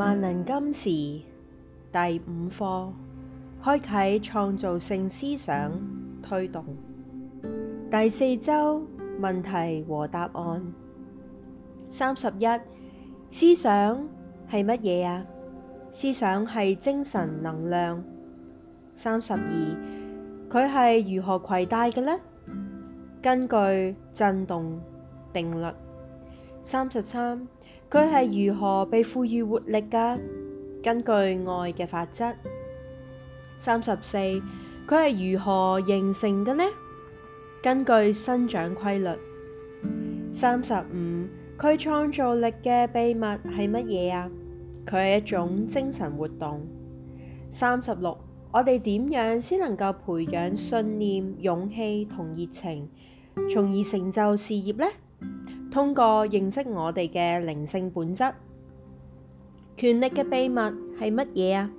萬能金時第五課，開啟創造性思想推動第四周問題和答案。三十一，思想係乜嘢啊？思想係精神能量。三十二，佢係如何攜帶嘅呢？根據振動定律。三十三。佢係如何被賦予活力㗎？根據愛嘅法則。三十四，佢係如何形成嘅呢？根據生長規律。三十五，佢創造力嘅秘密係乜嘢呀？佢係一種精神活動。三十六，我哋點樣先能夠培養信念、勇氣同熱情，從而成就事業呢？通過認識我哋嘅靈性本質，權力嘅秘密係乜嘢啊？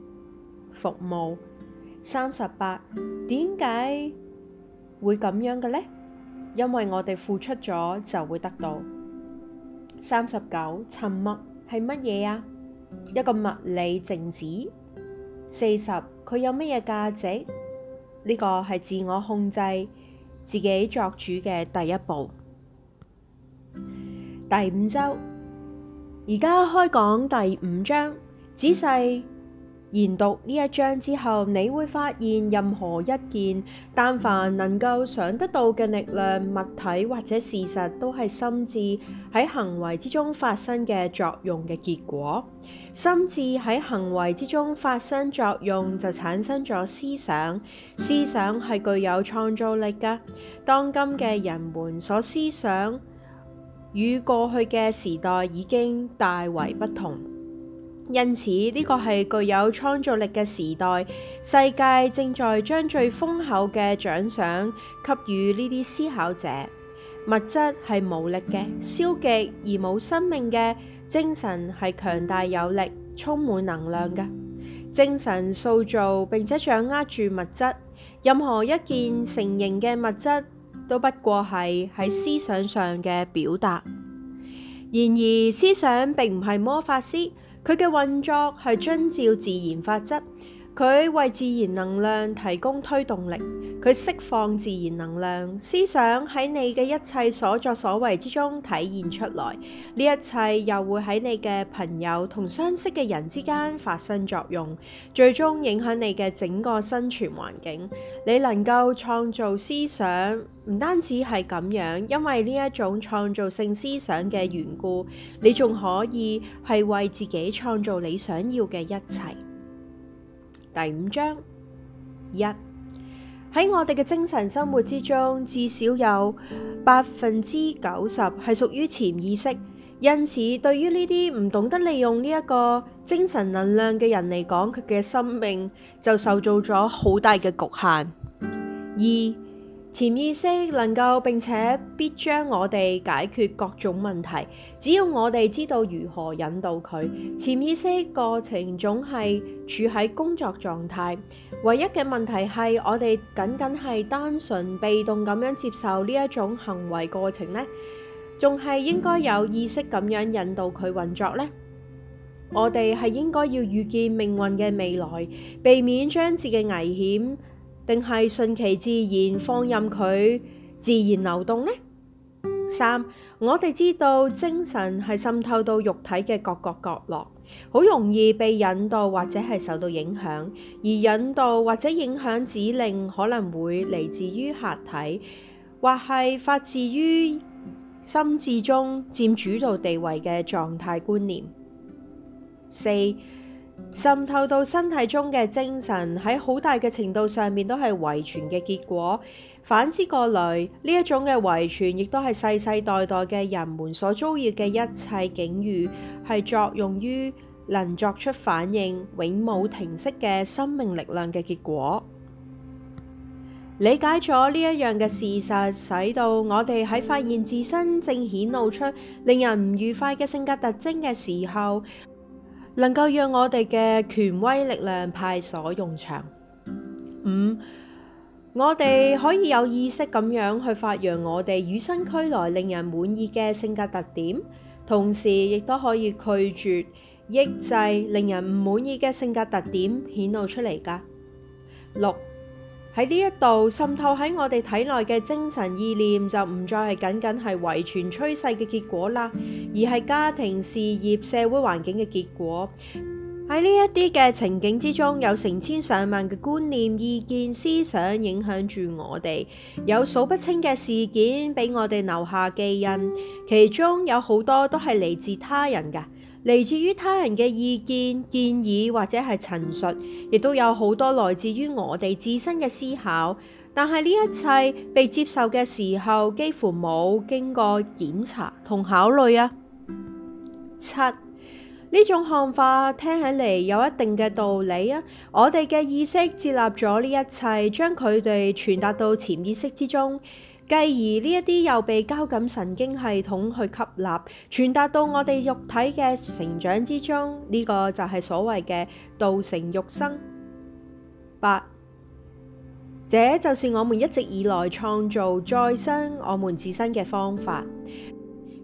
服務。三十八，點解會咁樣嘅咧？因為我哋付出咗就會得到。三十九。39，沉默係乜嘢啊？一個物理靜止。四十，佢有乜嘢價值？呢個係自我控制、自己作主嘅第一步。第五周，而家開講第五章，仔細研讀呢一章之後，你會發現任何一件，但凡能夠想得到嘅力量、物體或者事實，都係心智喺行為之中發生嘅作用嘅結果。心智喺行為之中發生作用，就產生咗思想。思想係具有創造力㗎，當今嘅人們所思想。與過去嘅時代已經大為不同，因此，呢個係具有創造力嘅時代。世界正在將最豐厚嘅獎賞給予呢啲思考者。物質係無力嘅、消極而冇生命嘅，精神係強大有力、充滿能量嘅。精神塑造並且掌握住物質，任何一件成型嘅物質。都不過係喺思想上嘅表達，然而思想並唔係魔法師，佢嘅運作係遵照自然法則。佢為自然能量提供推動力，佢釋放自然能量，思想喺你嘅一切所作所為之中體現出來，呢一切又會喺你嘅朋友同相識嘅人之間發生作用，最終影響你嘅整個生存環境。你能夠創造思想，唔單止係咁樣，因為呢一種創造性思想嘅緣故，你仲可以係為自己創造你想要嘅一切。第五章一，喺我哋嘅精神生活之中，至少有百分之九十係屬於潛意識，因此對於呢啲唔懂得利用呢一個精神能量嘅人嚟講，佢嘅生命就受到咗好大嘅局限。二潛意識能夠並且必將我哋解決各種問題，只要我哋知道如何引導佢。潛意識過程總係處喺工作狀態，唯一嘅問題係我哋僅僅係單純被動咁樣接受呢一種行為過程呢，仲係應該有意識咁樣引導佢運作呢，我哋係應該要預見命運嘅未來，避免將自嘅危險。定係順其自然，放任佢自然流動呢？三，我哋知道精神係滲透到肉體嘅各個角落，好容易被引導或者係受到影響。而引導或者影響指令，可能會嚟自於客體，或係發自於心智中佔主導地位嘅狀態觀念。四。滲透到身體中嘅精神喺好大嘅程度上面都係遺傳嘅結果。反之過嚟，呢一種嘅遺傳亦都係世世代代嘅人們所遭遇嘅一切境遇，係作用於能作出反應，永冇停息嘅生命力量嘅結果。理解咗呢一樣嘅事實，使到我哋喺發現自身正顯露出令人唔愉快嘅性格特徵嘅時候。能夠讓我哋嘅權威力量派所用場。五，我哋可以有意識咁樣去發揚我哋與生俱來令人滿意嘅性格特點，同時亦都可以拒絕抑制令人唔滿意嘅性格特點顯露出嚟㗎。六。喺呢一度滲透喺我哋體內嘅精神意念，就唔再係僅僅係遺傳趨勢嘅結果啦，而係家庭、事業、社會環境嘅結果。喺呢一啲嘅情景之中，有成千上萬嘅觀念、意見、思想影響住我哋，有數不清嘅事件俾我哋留下記印，其中有好多都係嚟自他人㗎。嚟自於他人嘅意見、建議或者係陳述，亦都有好多嚟自於我哋自身嘅思考。但係呢一切被接受嘅時候，幾乎冇經過檢查同考慮啊。七，呢種看法聽起嚟有一定嘅道理啊。我哋嘅意識接納咗呢一切，將佢哋傳達到潛意識之中。繼而呢一啲又被交感神經系統去吸納，傳達到我哋肉體嘅成長之中，呢、這個就係所謂嘅道成肉身，八，這就是我們一直以來創造再生我們自身嘅方法。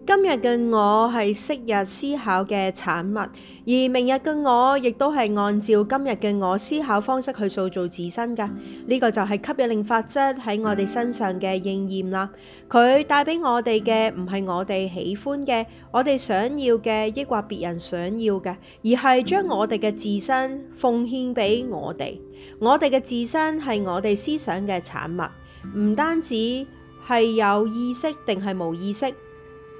今日嘅我係昔日思考嘅產物，而明日嘅我亦都係按照今日嘅我思考方式去塑造自身嘅。呢、這個就係吸引力法則喺我哋身上嘅應驗啦。佢帶俾我哋嘅唔係我哋喜歡嘅、我哋想要嘅，抑或別人想要嘅，而係將我哋嘅自身奉獻俾我哋。我哋嘅自身係我哋思想嘅產物，唔單止係有意識定係無意識。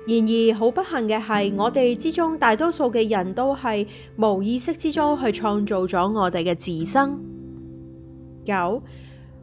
然而好不幸嘅係，嗯、我哋之中大多數嘅人都係無意識之中去創造咗我哋嘅自身。九，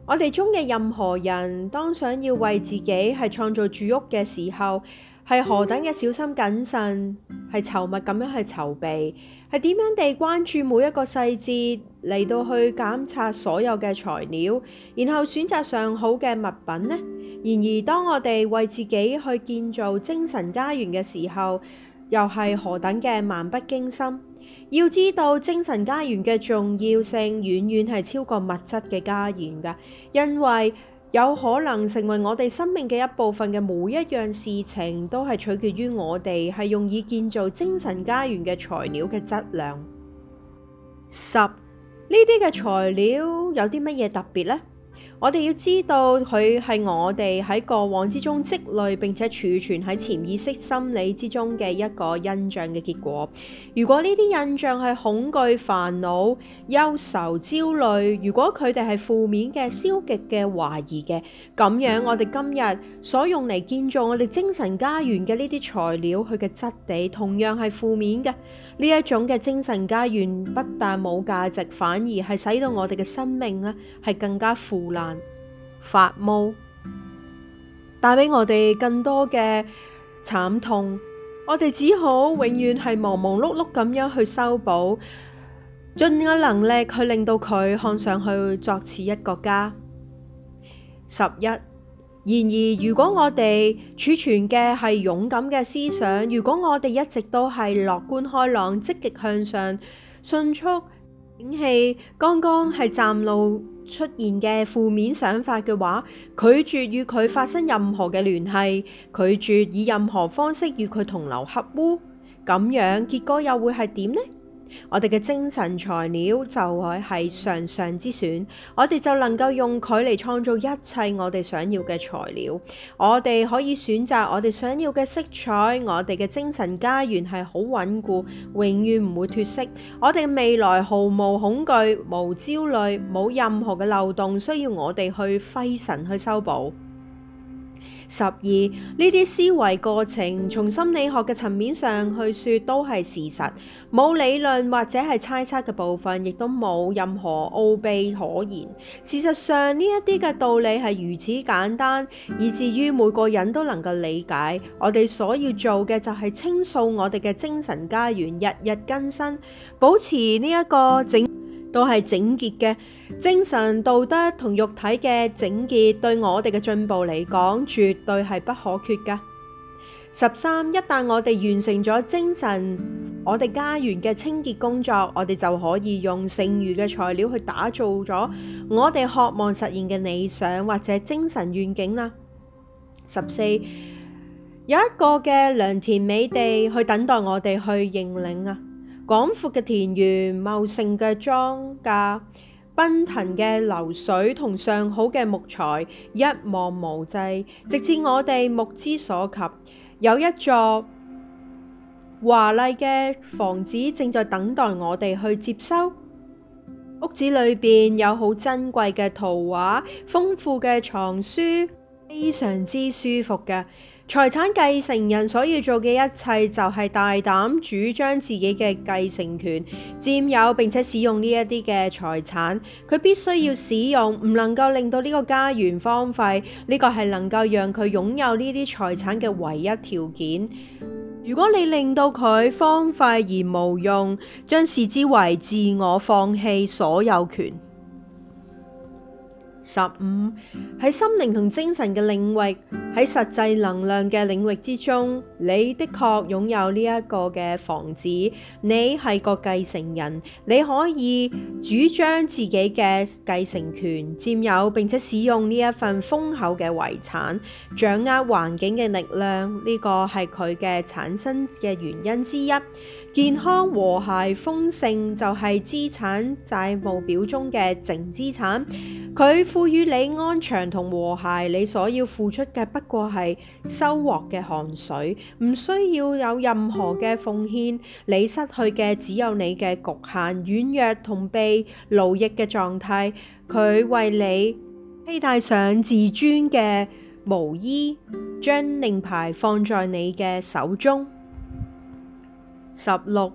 我哋中嘅任何人，當想要為自己係創造住屋嘅時候，係何等嘅小心謹慎，係周密咁樣去籌備，係點樣地關注每一個細節嚟到去檢查所有嘅材料，然後選擇上好嘅物品呢？然而，當我哋為自己去建造精神家園嘅時候，又係何等嘅漫不經心？要知道，精神家園嘅重要性遠遠係超過物質嘅家園噶，因為有可能成為我哋生命嘅一部分嘅每一樣事情，都係取決於我哋係用以建造精神家園嘅材料嘅質量。十，呢啲嘅材料有啲乜嘢特別呢？我哋要知道佢係我哋喺過往之中積累並且儲存喺潛意識心理之中嘅一個印象嘅結果。如果呢啲印象係恐懼、煩惱、憂愁、焦慮，如果佢哋係負面嘅、消極嘅、懷疑嘅，咁樣我哋今日所用嚟建造我哋精神家園嘅呢啲材料，佢嘅質地同樣係負面嘅。呢一種嘅精神家園不但冇價值，反而係使到我哋嘅生命咧係更加腐爛。發夢，帶俾我哋更多嘅慘痛，我哋只好永遠係忙忙碌碌咁樣去修補，盡嘅能力去令到佢看上去作似一個家。十一，然而如果我哋儲存嘅係勇敢嘅思想，如果我哋一直都係樂觀開朗、積極向上、迅速景氣，剛剛係站路。出現嘅負面想法嘅話，拒絕與佢發生任何嘅聯繫，拒絕以任何方式與佢同流合污，咁樣結果又會係點呢？我哋嘅精神材料就係上上之選，我哋就能夠用佢嚟創造一切我哋想要嘅材料。我哋可以選擇我哋想要嘅色彩。我哋嘅精神家園係好穩固，永遠唔會脫色。我哋未來毫無恐懼、無焦慮、冇任何嘅漏洞，需要我哋去費神去修補。十二，呢啲思維過程，從心理學嘅層面上去說，都係事實，冇理論或者係猜測嘅部分，亦都冇任何奧秘可言。事實上，呢一啲嘅道理係如此簡單，以至於每個人都能夠理解。我哋所要做嘅就係清掃我哋嘅精神家園，日日更新，保持呢一個整。都係整潔嘅精神、道德同肉體嘅整潔，對我哋嘅進步嚟講絕對係不可缺㗎。十三，一旦我哋完成咗精神我哋家園嘅清潔工作，我哋就可以用剩餘嘅材料去打造咗我哋渴望實現嘅理想或者精神願景啦。十四，有一個嘅良田美地去等待我哋去認領啊！廣闊嘅田園、茂盛嘅莊稼、奔騰嘅流水同上好嘅木材，一望無際，直至我哋目之所及。有一座華麗嘅房子正在等待我哋去接收。屋子裏邊有好珍貴嘅圖畫、豐富嘅藏書，非常之舒服嘅。財產繼承人所要做嘅一切，就係大膽主張自己嘅繼承權，佔有並且使用呢一啲嘅財產。佢必須要使用，唔能夠令到呢個家園荒廢。呢個係能夠讓佢擁有呢啲財產嘅唯一條件。如果你令到佢荒廢而無用，將視之為自我放棄所有權。十五，喺心靈同精神嘅領域，喺實際能量嘅領域之中，你的確擁有呢一個嘅房子，你係個繼承人，你可以主張自己嘅繼承權，佔有並且使用呢一份豐厚嘅遺產，掌握環境嘅力量。呢個係佢嘅產生嘅原因之一。健康和諧豐盛就係資產債務表中嘅淨資產，佢。賦予你安詳同和諧，你所要付出嘅，不過係收穫嘅汗水，唔需要有任何嘅奉獻。你失去嘅只有你嘅局限、軟弱同被奴役嘅狀態。佢為你披戴上自尊嘅毛衣，將令牌放在你嘅手中。十六，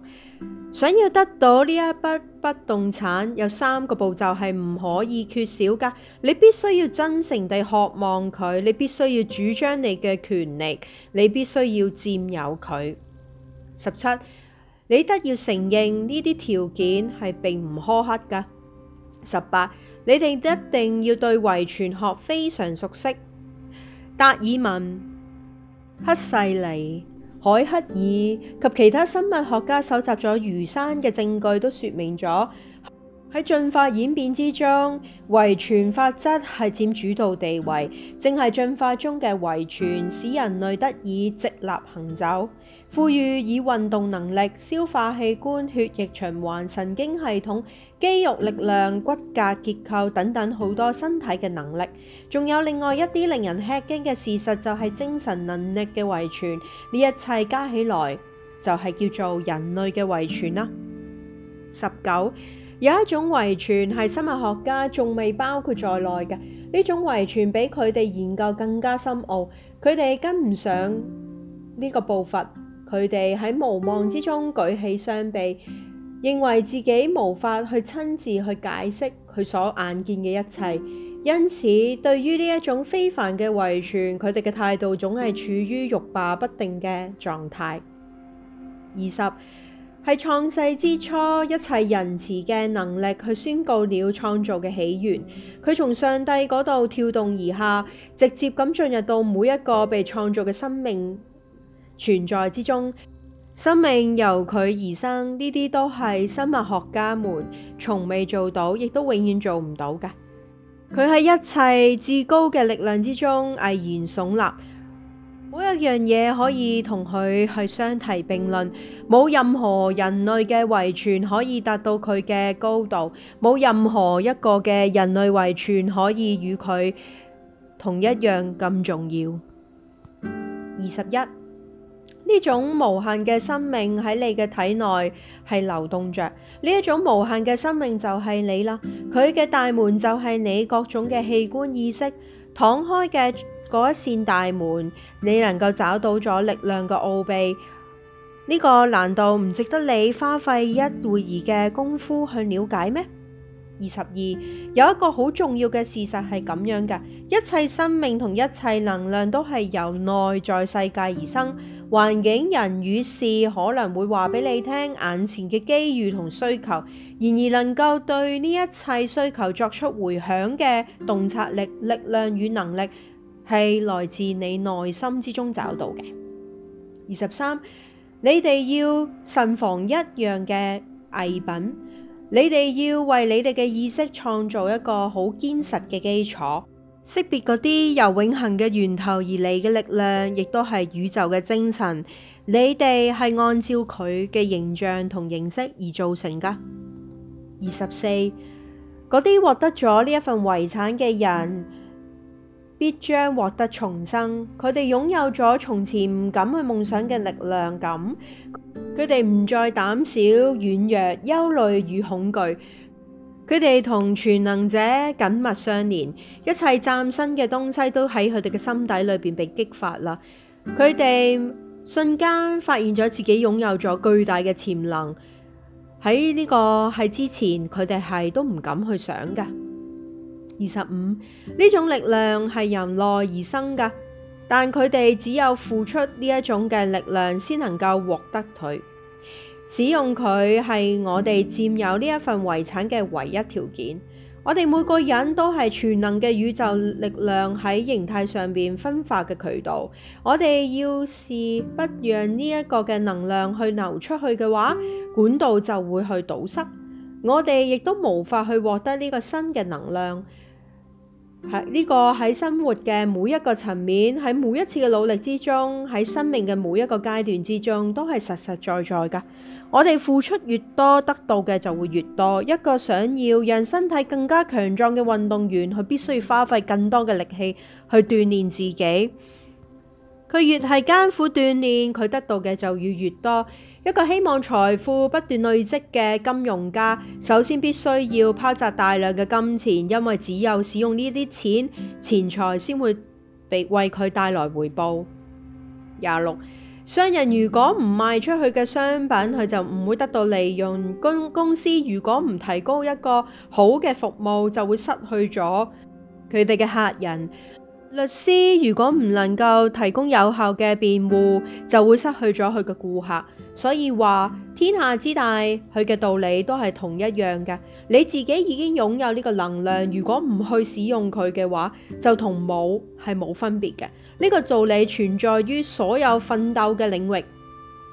想要得到呢一筆。不動產有三個步驟係唔可以缺少噶，你必須要真誠地渴望佢，你必須要主張你嘅權力，你必須要占有佢。十七，你得要承認呢啲條件係並唔苛刻噶。十八，你哋一定要對遺傳學非常熟悉。達爾文，赫胥黎。海克爾及其他生物學家搜集咗魚山嘅證據都說，都説明咗喺進化演變之中，遺傳法則係佔主導地位。正係進化中嘅遺傳，使人類得以直立行走，賦予以運動能力、消化器官、血液循環、神經系統。肌肉力量、骨骼結構等等好多身體嘅能力，仲有另外一啲令人吃驚嘅事實，就係精神能力嘅遺傳。呢一切加起來就係叫做人類嘅遺傳啦。十九，有一種遺傳係生物學家仲未包括在內嘅，呢種遺傳比佢哋研究更加深奧，佢哋跟唔上呢個步伐，佢哋喺無望之中舉起雙臂。認為自己無法去親自去解釋佢所眼見嘅一切，因此對於呢一種非凡嘅遺傳，佢哋嘅態度總係處於欲罷不定嘅狀態。二十，係創世之初，一切仁慈嘅能力去宣告了創造嘅起源。佢從上帝嗰度跳動而下，直接咁進入到每一個被創造嘅生命存在之中。生命由佢而生，呢啲都係生物學家們從未做到，亦都永遠做唔到嘅。佢喺一切至高嘅力量之中毅然聳立，冇一樣嘢可以同佢去相提並論，冇任何人類嘅遺傳可以達到佢嘅高度，冇任何一個嘅人類遺傳可以與佢同一樣咁重要。二十一。呢種無限嘅生命喺你嘅體內係流動着，呢一種無限嘅生命就係你啦。佢嘅大門就係你各種嘅器官意識敞開嘅嗰一扇大門，你能夠找到咗力量嘅奧秘。呢個難道唔值得你花費一會兒嘅功夫去了解咩？二十二，有一個好重要嘅事實係咁樣嘅，一切生命同一切能量都係由內在世界而生。環境、人與事可能會話俾你聽眼前嘅機遇同需求，然而能夠對呢一切需求作出回響嘅洞察力、力量與能力，係來自你內心之中找到嘅。二十三，你哋要慎防一樣嘅偽品。你哋要為你哋嘅意識創造一個好堅實嘅基礎，識別嗰啲由永恆嘅源頭而嚟嘅力量，亦都係宇宙嘅精神。你哋係按照佢嘅形象同形式而造成㗎。二十四，嗰啲獲得咗呢一份遺產嘅人，必將獲得重生。佢哋擁有咗從前唔敢去夢想嘅力量咁。佢哋唔再膽小、軟弱、憂慮與恐懼，佢哋同全能者緊密相連，一切嶄新嘅東西都喺佢哋嘅心底裏邊被激發啦。佢哋瞬間發現咗自己擁有咗巨大嘅潛能，喺呢個係之前，佢哋係都唔敢去想噶。二十五，呢種力量係由內而生噶。但佢哋只有付出呢一種嘅力量，先能夠獲得佢。使用佢係我哋佔有呢一份遺產嘅唯一條件。我哋每個人都係全能嘅宇宙力量喺形態上邊分化嘅渠道。我哋要是不讓呢一個嘅能量去流出去嘅話，管道就會去堵塞。我哋亦都無法去獲得呢個新嘅能量。喺呢個喺生活嘅每一個層面，喺每一次嘅努力之中，喺生命嘅每一個階段之中，都係實實在在噶。我哋付出越多，得到嘅就會越多。一個想要讓身體更加強壯嘅運動員，佢必須要花費更多嘅力氣去鍛煉自己。佢越係艱苦鍛煉，佢得到嘅就要越多。一個希望財富不斷累積嘅金融家，首先必須要拋擲大量嘅金錢，因為只有使用呢啲錢，錢財先會被為佢帶來回報。廿六，商人如果唔賣出去嘅商品，佢就唔會得到利用；公公司如果唔提高一個好嘅服務，就會失去咗佢哋嘅客人。律師如果唔能夠提供有效嘅辯護，就會失去咗佢嘅顧客。所以話，天下之大，佢嘅道理都係同一樣嘅。你自己已經擁有呢個能量，如果唔去使用佢嘅話，就同冇係冇分別嘅。呢個道理存在於所有奮鬥嘅領域，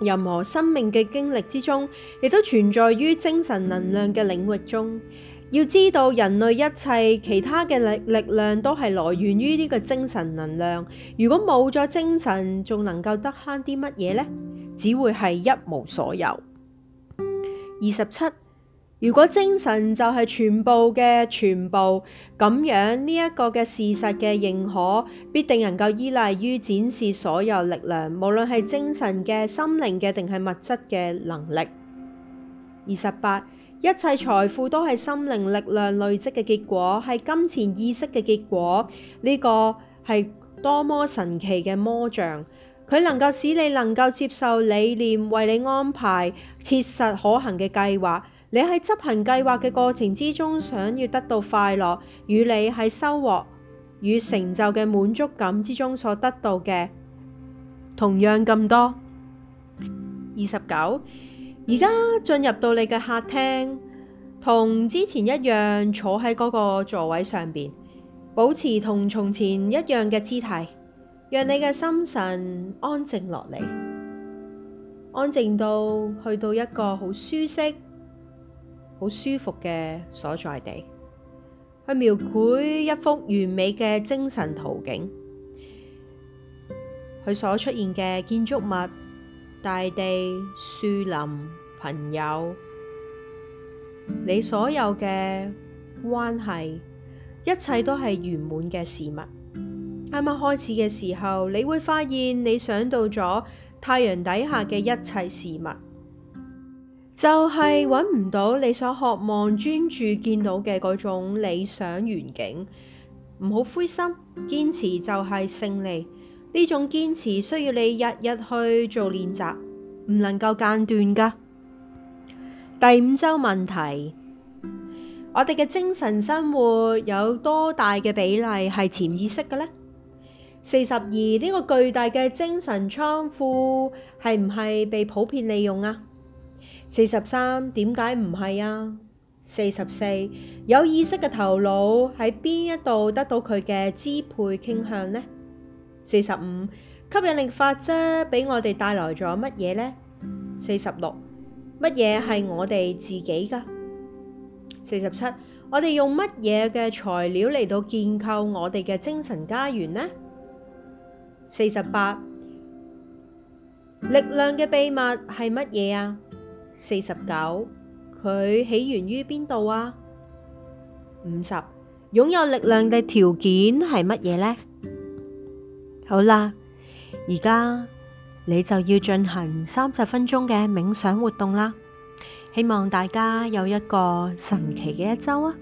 任何生命嘅經歷之中，亦都存在於精神能量嘅領域中。要知道人類一切其他嘅力力量都係來源於呢個精神能量。如果冇咗精神，仲能夠得慳啲乜嘢呢？只會係一無所有。二十七，如果精神就係全部嘅全部，咁樣呢一個嘅事實嘅認可，必定能夠依賴於展示所有力量，無論係精神嘅、心靈嘅，定係物質嘅能力。二十八。一切財富都係心靈力量累積嘅結果，係金錢意識嘅結果。呢個係多麼神奇嘅魔像，佢能夠使你能夠接受理念，為你安排切實可行嘅計劃。你喺執行計劃嘅過程之中，想要得到快樂，與你喺收穫與成就嘅滿足感之中所得到嘅，同樣咁多。二十九。而家進入到你嘅客廳，同之前一樣坐喺嗰個座位上邊，保持同從前一樣嘅姿態，讓你嘅心神安靜落嚟，安靜到去到一個好舒適、好舒服嘅所在地，去描繪一幅完美嘅精神圖景，佢所出現嘅建築物。大地、樹林、朋友，你所有嘅關係，一切都係圓滿嘅事物。啱啱開始嘅時候，你會發現你想到咗太陽底下嘅一切事物，就係揾唔到你所渴望專注見到嘅嗰種理想遠景。唔好灰心，堅持就係勝利。呢種堅持需要你日日去做練習，唔能夠間斷噶。第五周問題：我哋嘅精神生活有多大嘅比例係潛意識嘅呢？四十二，呢個巨大嘅精神倉庫係唔係被普遍利用啊？四十三，點解唔係啊？四十四，有意識嘅頭腦喺邊一度得到佢嘅支配傾向呢？四十五，吸引力法則俾我哋帶來咗乜嘢呢？四十六，乜嘢係我哋自己噶？四十七，我哋用乜嘢嘅材料嚟到建構我哋嘅精神家園呢？四十八，力量嘅秘密係乜嘢啊？四十九，佢起源於邊度啊？五十，擁有力量嘅條件係乜嘢呢？好啦，而家你就要進行三十分鐘嘅冥想活動啦，希望大家有一個神奇嘅一周啊！